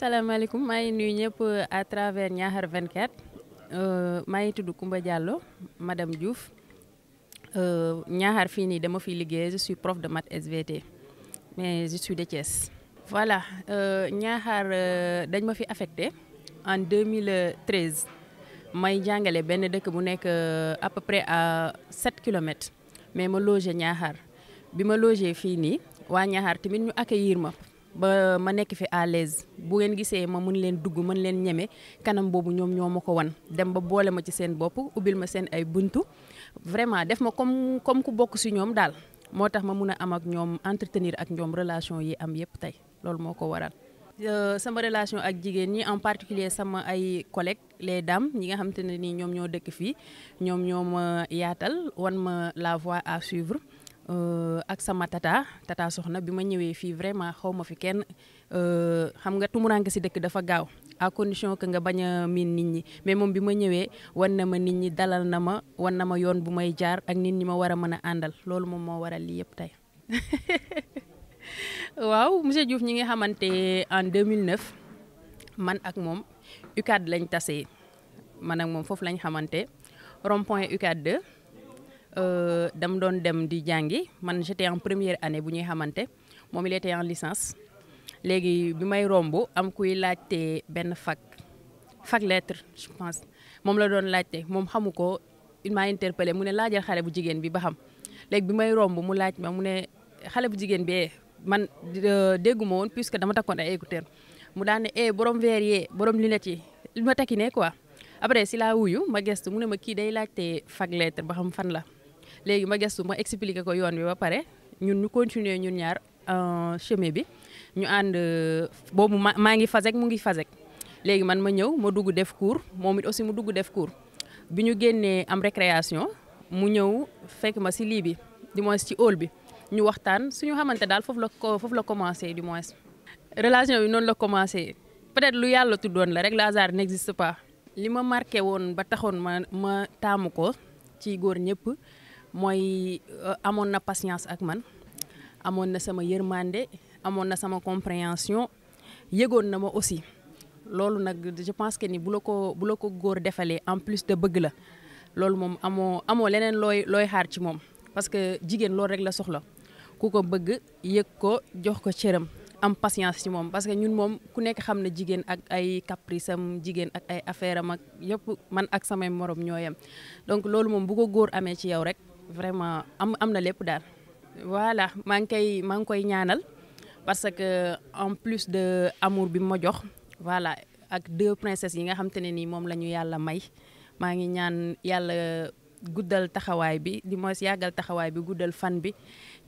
Assalamu alaikum, je suis à travers Niahar 24 Je suis tudd Koumba Diallo madame Diouf euh, Niahar fii je suis prof de maths SVT mais je suis de Thiès. voilà euh, Niahar, euh, dañ ma fi affecté en 2013 may suis benn dëkk bu nekk à peu près à 7 kilomètres mais suis logé Niakhar bi suis logé fini, nii waa Niakhar tamit ñu accueillir ba ma nekk fi à l'aise bu ngeen gisee ma mën leen dugg mën leen ñeme kanam boobu ñoom ñoo ma ko wan dem ba boole ma ci seen bopp ubbil ma seen ay buntu vraiment def ma comme comme ku bokk si ñoom daal moo tax ma mun a am ak ñoom entretenir ak ñoom relation yi am yëpp tey loolu moo ko waral. Euh, sama relation ak jigéen ñi en particulier sama ay collègues les dames ñi nga xamante ne nii ñoom ñoo dëkk fii ñoom ñoo ma yaatal wan ma la voie à suivre. Euh, ak sama tata tata soxna bi ma ñëwee fii vraiment xaw ma fi kenn euh, xam nga tumuranke si dëkk dafa gaaw à condition que nga bañ a nit ñi mais moom bi ma ñëwee wan na ma nit ñi dalal na ma wan na ma yoon bu may jaar ak nit ñi ma war a mën a àndal loolu moom moo waral lii yëpp tey waaw monsieur Diouf ñi nga xamante en 2009 man ak moom UCAD lañ tase man ak moom foofu lañ xamante rond point UCAD Euh, dama doon dem di jàngi man j'étais en première année bu ñuy xamante moom il était en licence léegi bi may romb am kuy laajte benn fac fac lettre je pense moom la doon laajte moom xamu ko il m'a interpellé mu ne laajal xale bu jigéen bi ba xam léegi bi may romb mu laaj ma mu ne xale bu jigéen bi eh, man euh, dégguma woon puisque dama takkoon ay écouteur mu daan ne eh borom verre yee borom lunette yi li ma ne quoi après si laa wuyu ma gestu mu ne ma kii day laajte fac lettre ba xam fan la. léegi ma gëstu ma expliqué ko yoon bi ba pare ñun ñu continuer ñun ñaar euh, chemin bi ñu ànd euh, boobu ma maa ngi fasek mu ngi fasek léegi man ma ñëw ma dugg def cours moom it aussi mu dugg def cours bi ñu génnee am récréation mu ñëw fekk ma si lii bi du moins ci hall bi ñu waxtaan suñu xamante daal foofu la ko foofu la commencé du moins. relation bi noonu la commencé peut-être lu yàlla tuddoon la rek le hasard n'existe pas. li ma marqué woon ba taxoon ma ma taamu ko ci góor ñëpp moy euh, amone na patience ak man amone na sama yermande amone na sama compréhension yëgoon na ma aussi lolou nak je pense que ni bu lako bu lako gor defale en plus de beug la lolou mom amo amo leneen loy loy xaar ci mom parce que jigen lolou rek la soxla kuko beug yek ko jox ko cëram am patience ci mom parce que ñun mom ku nek xamna jigen ak ay caprice am jigéen ak ay affaire am ak yep man ak samay morom ñoyam donc lolou mom bu ko gor amé ci yow rek. vraiment am am na lépp daal voilà maa ngi koy maa ngi koy ñaanal parce que en plus de amur bi ma jox voilà ak deux princesses yi nga xam te ne nii moom la ñu yàlla may maa ngi ñaan yàlla guddal taxawaay bi di mooy yàggal taxawaay bi guddal fan bi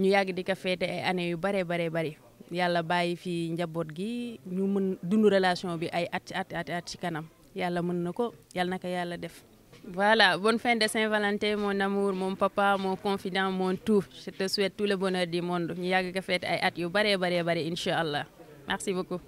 ñu yàgg di ko féete ay années yu bare bare bari yàlla bàyyi fi njaboot gi ñu mën dund relation bi ay at at at ci kanam yàlla mën na ko yàlla na ko yàlla def Voilà, bonne fin de Saint-Valentin, mon amour, mon papa, mon confident, mon tout. Je te souhaite tout le bonheur du monde. Merci beaucoup.